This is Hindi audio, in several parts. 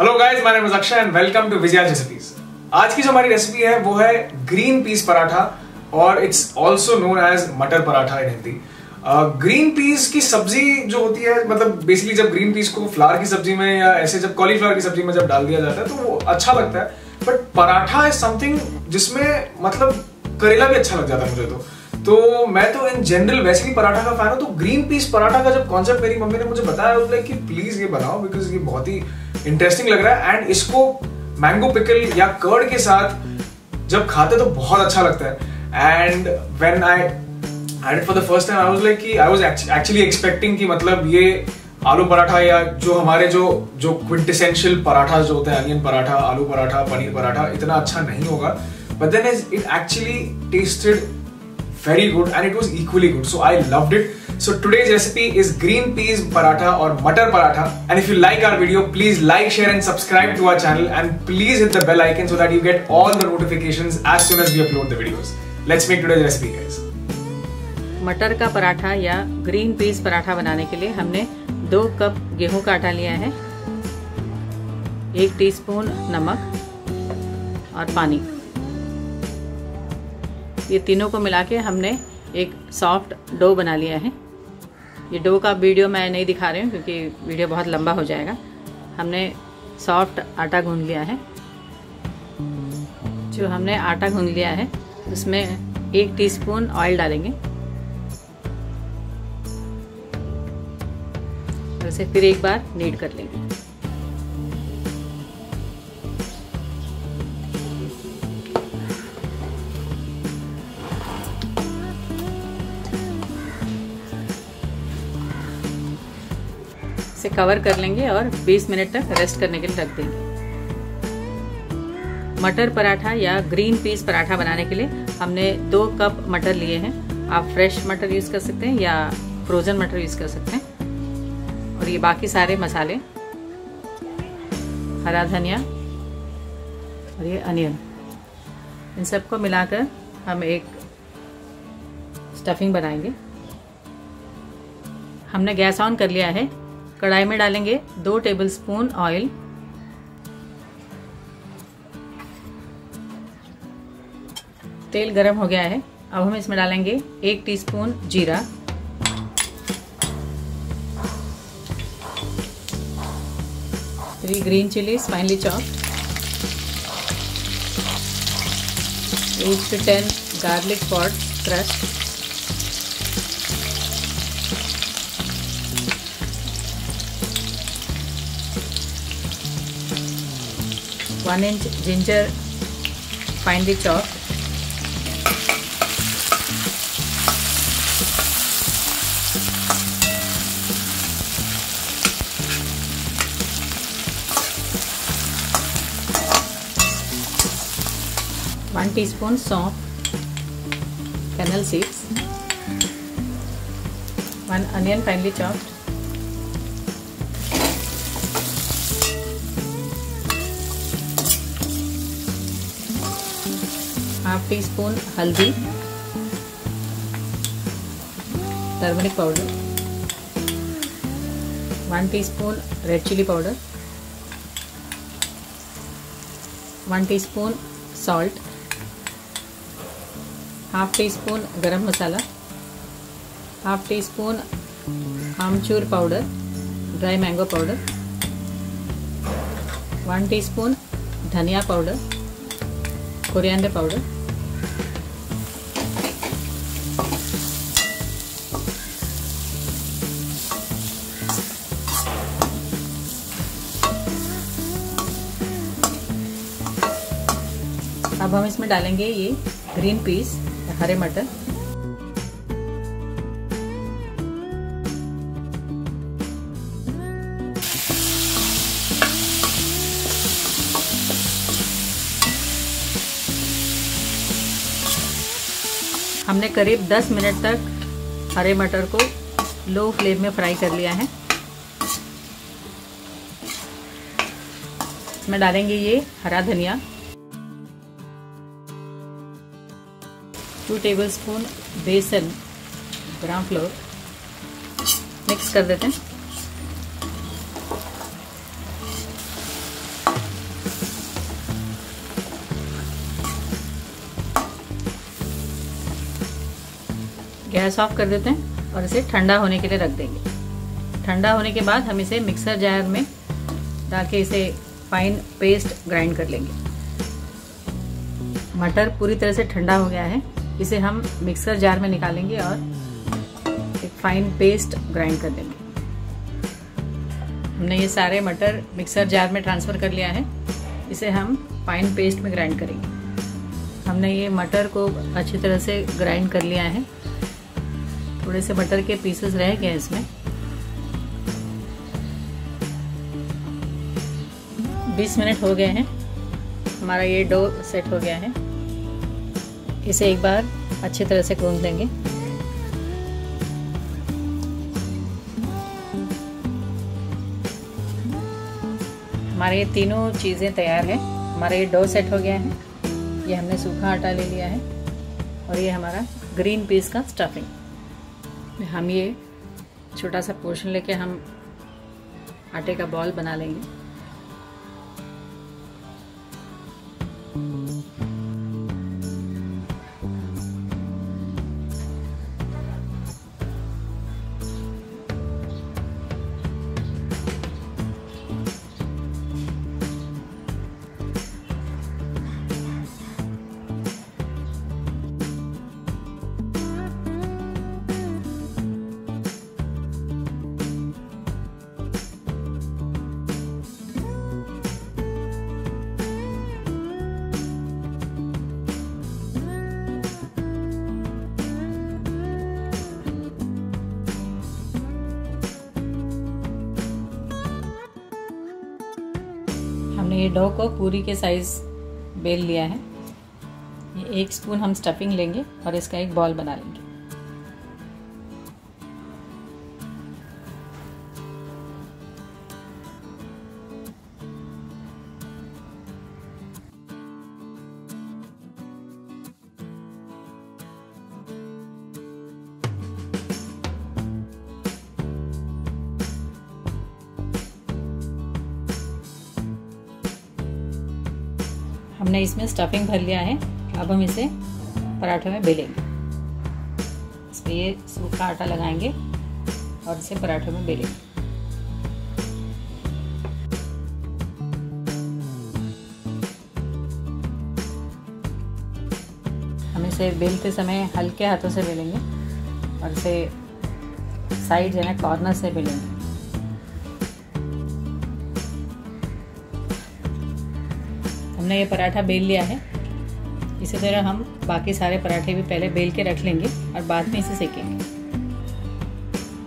Hello guys my name is Akshay and welcome to Vijaya recipes आज की जो हमारी रेसिपी है वो है ग्रीन पीस पराठा और it's also known as matar paratha in Hindi green peas की सब्जी जो होती है मतलब बेसिकली जब ग्रीन पीस को फ्लावर की सब्जी में या ऐसे जब कॉलीफ्लावर की सब्जी में जब डाल दिया जाता है तो वो अच्छा लगता है बट पराठा इज समथिंग जिसमें मतलब करेला भी अच्छा लग जाता है मुझे तो तो मैं तो इन जनरल वैसे ही पराठा का फैन हूँ तो ग्रीन पीस पराठा का जब कॉन्सेप्ट मेरी मम्मी ने मुझे बताया कि प्लीज ये बनाओ बिकॉज ये बहुत ही इंटरेस्टिंग लग रहा है एंड इसको मैंगो पिकल या कर्ड के साथ जब खाते तो बहुत अच्छा लगता है and when I and for the first time I was like कि आई वॉज एक्चुअली एक्सपेक्टिंग कि मतलब ये आलू पराठा या जो हमारे जो जो क्विंटेसेंशियल पराठा जो होते हैं अनियन पराठा आलू पराठा पनीर पराठा इतना अच्छा नहीं होगा but then is it actually tasted very good and it was equally good so I loved it So today's recipe is green peas paratha or butter paratha. And if you like our video, please like, share and subscribe to our channel and please hit the bell icon so that you get all the notifications as soon as we upload the videos. Let's make today's recipe guys. मटर का पराठा या ग्रीन पीस पराठा बनाने के लिए हमने दो कप गेहूं का आटा लिया है एक टीस्पून नमक और पानी ये तीनों को मिला के हमने एक सॉफ्ट डो बना लिया है ये डो का वीडियो मैं नहीं दिखा रही हूँ क्योंकि वीडियो बहुत लंबा हो जाएगा हमने सॉफ्ट आटा गूंद लिया है जो हमने आटा गूंद लिया है उसमें एक टीस्पून ऑयल डालेंगे और उसे फिर एक बार नीड कर लेंगे से कवर कर लेंगे और 20 मिनट तक रेस्ट करने के लिए रख देंगे मटर पराठा या ग्रीन पीस पराठा बनाने के लिए हमने दो कप मटर लिए हैं आप फ्रेश मटर यूज़ कर सकते हैं या फ्रोज़न मटर यूज़ कर सकते हैं और ये बाकी सारे मसाले हरा धनिया और ये अनियन इन सबको मिलाकर हम एक स्टफिंग बनाएंगे हमने गैस ऑन कर लिया है कढ़ाई में डालेंगे दो टेबलस्पून ऑयल तेल गरम हो गया है अब हम इसमें डालेंगे एक teaspoon jeera three green chillies finely chopped eight to ten garlic pod crushed 1 inch ginger finely chopped one teaspoon soap fennel seeds one onion finely chopped teaspoon haldi turmeric powder one teaspoon red chilli powder one teaspoon salt half teaspoon garam masala half teaspoon amchur powder dry mango powder one teaspoon dhania powder coriander powder अब हम इसमें डालेंगे ये ग्रीन पीस हरे मटर हमने करीब 10 मिनट तक हरे मटर को लो फ्लेम में फ्राई कर लिया है इसमें डालेंगे ये हरा धनिया two tablespoon besan gram flour mix कर देते हैं गैस ऑफ कर देते हैं और इसे ठंडा होने के लिए रख देंगे ठंडा होने के बाद हम इसे मिक्सर जार में डाल के इसे फाइन पेस्ट ग्राइंड कर लेंगे मटर पूरी तरह से ठंडा हो गया है इसे हम मिक्सर जार में निकालेंगे और एक फाइन पेस्ट ग्राइंड कर देंगे हमने ये सारे मटर मिक्सर जार में ट्रांसफ़र कर लिया है इसे हम फाइन पेस्ट में ग्राइंड करेंगे हमने ये मटर को अच्छी तरह से ग्राइंड कर लिया है थोड़े से मटर के पीसेस रह गए इसमें बीस मिनट हो गए हैं हमारा ये डो सेट हो गया है इसे एक बार अच्छी तरह से गूंद लेंगे हमारे ये तीनों चीज़ें तैयार हैं हमारा ये डो सेट हो गया है ये हमने सूखा आटा ले लिया है और ये हमारा ग्रीन पीस का स्टफिंग हम ये छोटा सा पोर्शन लेके हम आटे का बॉल बना लेंगे ये डो को पूरी के साइज बेल लिया है ये एक स्पून हम स्टफिंग लेंगे और इसका एक बॉल बना लेंगे हमने इसमें स्टफिंग भर लिया है अब हम इसे पराठे में बेलेंगे इसमें ये सूखा आटा लगाएंगे और इसे पराठे में बेलेंगे हम इसे बेलते समय हल्के हाथों से बेलेंगे और इसे साइड जो है ना कॉर्नर से बेलेंगे हमने ये पराठा बेल लिया है इसी तरह हम बाकी सारे पराठे भी पहले बेल के रख लेंगे और बाद में इसे सेकेंगे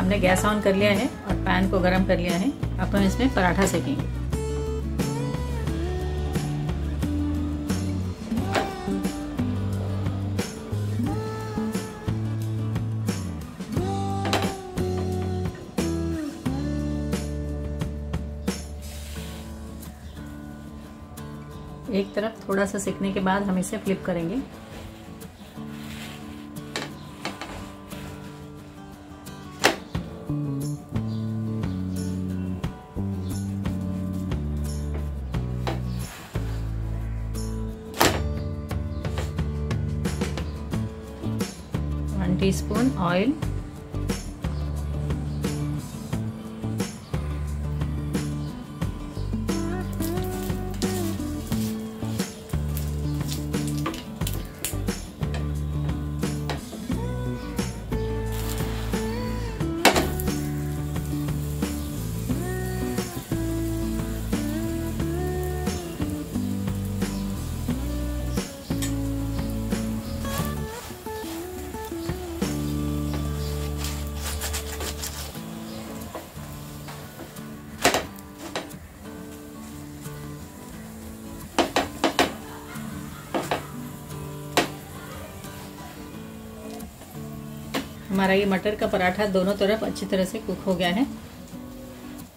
हमने गैस ऑन कर लिया है और पैन को गर्म कर लिया है अब हम इसमें पराठा सेकेंगे एक तरफ थोड़ा सा सीखने के बाद हम इसे फ्लिप करेंगे टीस्पून ऑयल हमारा ये मटर का पराठा दोनों तरफ अच्छी तरह से कुक हो गया है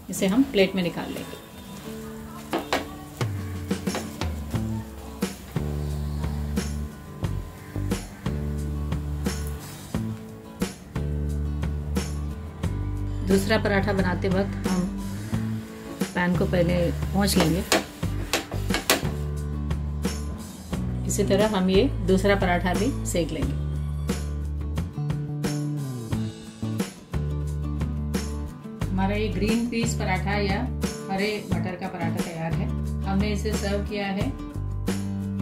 इसे हम प्लेट में निकाल लेंगे दूसरा पराठा बनाते वक्त हम पैन को पहले पहुँच लेंगे इसी तरह हम ये दूसरा पराठा भी सेक लेंगे ये ग्रीन पीस पराठा या हरे मटर का पराठा तैयार है हमने इसे सर्व किया है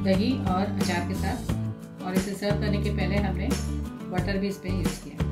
दही और अचार के साथ और इसे सर्व करने के पहले हमने बटर भी इस पर यूज़ किया